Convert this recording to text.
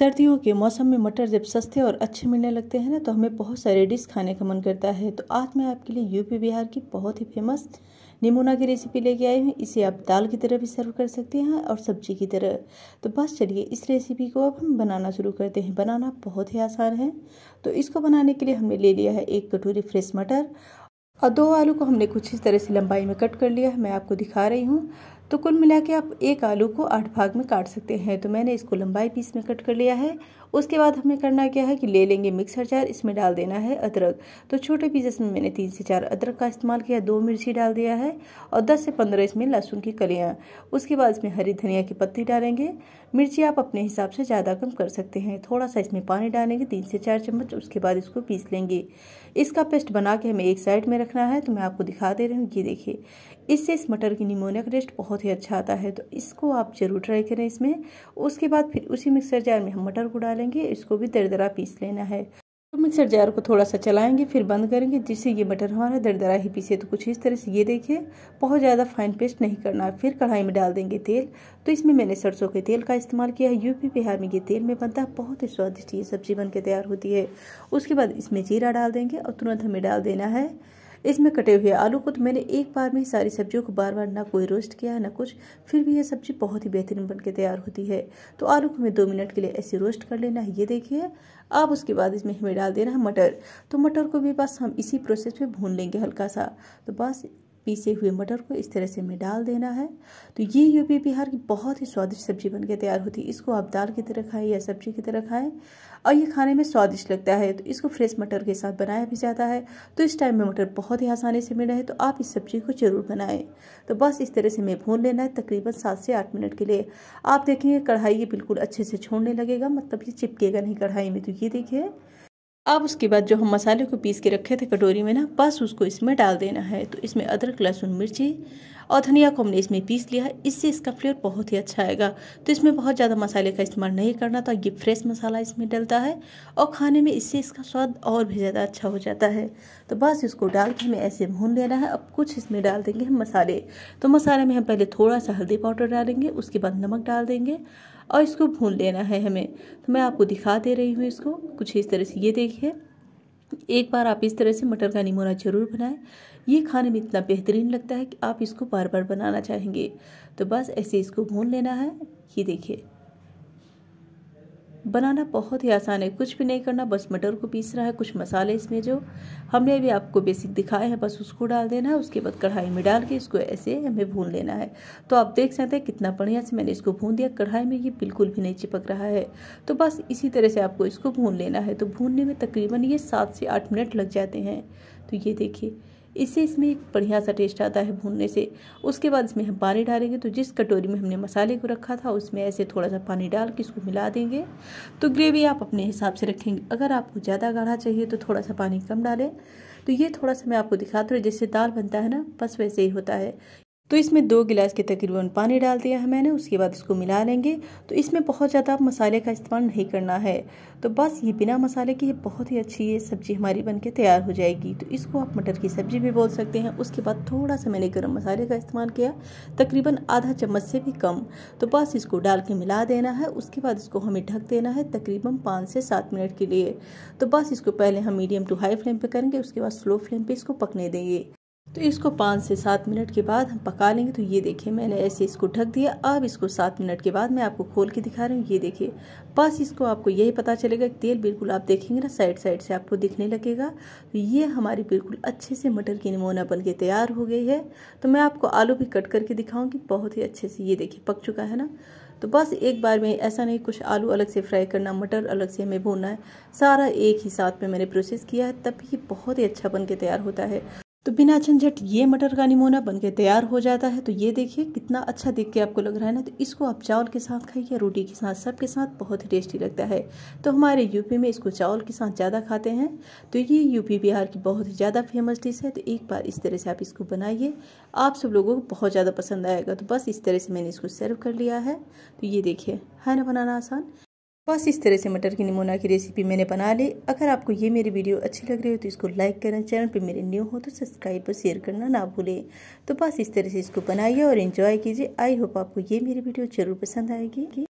सर्दियों के मौसम में मटर जब सस्ते और अच्छे मिलने लगते हैं ना तो हमें बहुत सारे डिश खाने का मन करता है तो आज मैं आपके लिए यूपी बिहार की बहुत ही फेमस निमोना की रेसिपी लेके आई हूँ इसे आप दाल की तरह भी सर्व कर सकते हैं और सब्जी की तरह तो बस चलिए इस रेसिपी को अब हम बनाना शुरू करते हैं बनाना बहुत ही आसान है तो इसको बनाने के लिए हमने ले लिया है एक कटोरी फ्रेश मटर और दो आलू को हमने कुछ इस तरह से लंबाई में कट कर लिया है मैं आपको दिखा रही हूँ तो कुल मिला के आप एक आलू को आठ भाग में काट सकते हैं तो मैंने इसको लंबाई पीस में कट कर लिया है उसके बाद हमें करना क्या है कि ले लेंगे मिक्सर जार इसमें डाल देना है अदरक तो छोटे पीसेस में मैंने तीन से चार अदरक का इस्तेमाल किया दो मिर्ची डाल दिया है और दस से पंद्रह इसमें लहसुन की कलियाँ उसके बाद इसमें हरी धनिया की पत्ती डालेंगे मिर्ची आप अपने हिसाब से ज़्यादा कम कर सकते हैं थोड़ा सा इसमें पानी डालेंगे तीन से चार चम्मच उसके बाद इसको पीस लेंगे इसका पेस्ट बना के हमें एक साइड में रखना है तो मैं आपको दिखा दे रही हूँ ये देखिए इससे इस मटर की निमोनिया का टेस्ट बहुत बहुत ही अच्छा आता है तो इसको आप ज़रूर ट्राई करें इसमें उसके बाद फिर उसी मिक्सर जार में हम मटर को डालेंगे इसको भी दरदरा पीस लेना है तो मिक्सर जार को थोड़ा सा चलाएंगे फिर बंद करेंगे जिससे ये मटर हमारा दरदरा ही पीसे तो कुछ इस तरह से ये देखिए बहुत ज़्यादा फाइन पेस्ट नहीं करना फिर कढ़ाई में डाल देंगे तेल तो इसमें मैंने सरसों के तेल का इस्तेमाल किया है यूपी बिहार में ये तेल में बनता है बहुत ही स्वादिष्ट ये सब्जी बन के तैयार होती है उसके बाद इसमें जीरा डाल देंगे और तुरंत हमें डाल देना है इसमें कटे हुए आलू को तो मैंने एक बार में सारी सब्जियों को बार बार ना कोई रोस्ट किया ना कुछ फिर भी यह सब्जी बहुत ही बेहतरीन बन के तैयार होती है तो आलू को हमें दो मिनट के लिए ऐसे रोस्ट कर लेना है ये देखिए अब उसके बाद इसमें हमें डाल देना है मटर तो मटर को भी बस हम इसी प्रोसेस में भून लेंगे हल्का सा तो बस पीसे हुए मटर को इस तरह से हमें डाल देना है तो ये यूपी बिहार की बहुत ही स्वादिष्ट सब्जी बनकर तैयार होती है इसको आप दाल की तरह खाएं या सब्जी की तरह खाएं और ये खाने में स्वादिष्ट लगता है तो इसको फ्रेश मटर के साथ बनाया भी जाता है तो इस टाइम में मटर बहुत ही आसानी से मिला है तो आप इस सब्जी को ज़रूर बनाएं तो बस इस तरह से हमें भून लेना है तकरीबन सात से आठ मिनट के लिए आप देखेंगे कढ़ाई ये बिल्कुल अच्छे से छोड़ने लगेगा मतलब ये चिपकेगा नहीं कढ़ाई में तो ये देखिए अब उसके बाद जो हम मसाले को पीस के रखे थे कटोरी में ना बस उसको इसमें डाल देना है तो इसमें अदरक लहसुन मिर्ची और धनिया को हमने इसमें पीस लिया है इससे इसका फ्लेवर बहुत ही अच्छा आएगा तो इसमें बहुत ज़्यादा मसाले का इस्तेमाल नहीं करना था ये फ्रेश मसाला इसमें डलता है और खाने में इससे इसका स्वाद और भी ज़्यादा अच्छा हो जाता है तो बस इसको डाल के हमें ऐसे भून लेना है अब कुछ इसमें डाल देंगे हम मसाले तो मसाले में हम पहले थोड़ा सा हल्दी पाउडर डालेंगे उसके बाद नमक डाल देंगे और इसको भून लेना है हमें तो मैं आपको दिखा दे रही हूँ इसको कुछ इस तरह से ये देखिए एक बार आप इस तरह से मटर का निमोना ज़रूर बनाएं ये खाने में इतना बेहतरीन लगता है कि आप इसको बार बार बनाना चाहेंगे तो बस ऐसे इसको भून लेना है ये देखिए बनाना बहुत ही आसान है कुछ भी नहीं करना बस मटर को पीस रहा है कुछ मसाले इसमें जो हमने अभी आपको बेसिक दिखाए हैं बस उसको डाल देना है उसके बाद कढ़ाई में डाल के इसको ऐसे हमें भून लेना है तो आप देख सकते हैं कितना बढ़िया से मैंने इसको भून दिया कढ़ाई में ये बिल्कुल भी नहीं चिपक रहा है तो बस इसी तरह से आपको इसको भून लेना है तो भूनने में तकरीबन ये सात से आठ मिनट लग जाते हैं तो ये देखिए इससे इसमें एक बढ़िया सा टेस्ट आता है भूनने से उसके बाद इसमें हम पानी डालेंगे तो जिस कटोरी में हमने मसाले को रखा था उसमें ऐसे थोड़ा सा पानी डाल के इसको मिला देंगे तो ग्रेवी आप अपने हिसाब से रखेंगे अगर आपको ज़्यादा गाढ़ा चाहिए तो थोड़ा सा पानी कम डालें तो ये थोड़ा सा मैं आपको दिखाती हूँ जैसे दाल बनता है ना बस वैसे ही होता है तो इसमें दो गिलास के तकरीबन पानी डाल दिया है मैंने उसके बाद इसको मिला लेंगे तो इसमें बहुत ज़्यादा आप मसाले का इस्तेमाल नहीं करना है तो बस ये बिना मसाले की बहुत ही अच्छी ये सब्ज़ी हमारी बन के तैयार हो जाएगी तो इसको आप मटर की सब्ज़ी भी बोल सकते हैं उसके बाद थोड़ा सा मैंने गर्म मसाले का इस्तेमाल किया तकरीबन आधा चम्मच से भी कम तो बस इसको डाल के मिला देना है उसके बाद इसको हमें ढक देना है तकरीबन पाँच से सात मिनट के लिए तो बस इसको पहले हम मीडियम टू हाई फ्लेम पर करेंगे उसके बाद स्लो फ्लेम पर इसको पकने देंगे तो इसको पाँच से सात मिनट के बाद हम पका लेंगे तो ये देखिए मैंने ऐसे इसको ढक दिया अब इसको सात मिनट के बाद मैं आपको खोल के दिखा रही हूँ ये देखिए बस इसको आपको यही पता चलेगा कि तेल बिल्कुल आप देखेंगे ना साइड साइड से आपको दिखने लगेगा तो ये हमारी बिल्कुल अच्छे से मटर की नमूना बन के तैयार हो गई है तो मैं आपको आलू भी कट करके दिखाऊँगी बहुत ही अच्छे से ये देखिए पक चुका है ना तो बस एक बार में ऐसा नहीं कुछ आलू अलग से फ्राई करना मटर अलग से हमें भूनना है सारा एक ही साथ में मैंने प्रोसेस किया है तब ये बहुत ही अच्छा बन के तैयार होता है तो बिना झंझट ये मटर का निमोना बन के तैयार हो जाता है तो ये देखिए कितना अच्छा देख के आपको लग रहा है ना तो इसको आप चावल के साथ खाइए रोटी के साथ सब के साथ बहुत ही टेस्टी लगता है तो हमारे यूपी में इसको चावल के साथ ज़्यादा खाते हैं तो ये यूपी बिहार की बहुत ही ज़्यादा फेमस डिश है तो एक बार इस तरह से आप इसको बनाइए आप सब लोगों को बहुत ज़्यादा पसंद आएगा तो बस इस तरह से मैंने इसको सर्व कर लिया है तो ये देखिए है ना बनाना आसान बस इस तरह से मटर की निमोना की रेसिपी मैंने बना ली अगर आपको ये मेरी वीडियो अच्छी लग रही हो तो इसको लाइक करना चैनल पे मेरे न्यू हो तो सब्सक्राइब और शेयर करना ना भूलें तो बस इस तरह से इसको बनाइए और एंजॉय कीजिए आई होप आपको ये मेरी वीडियो ज़रूर पसंद आएगी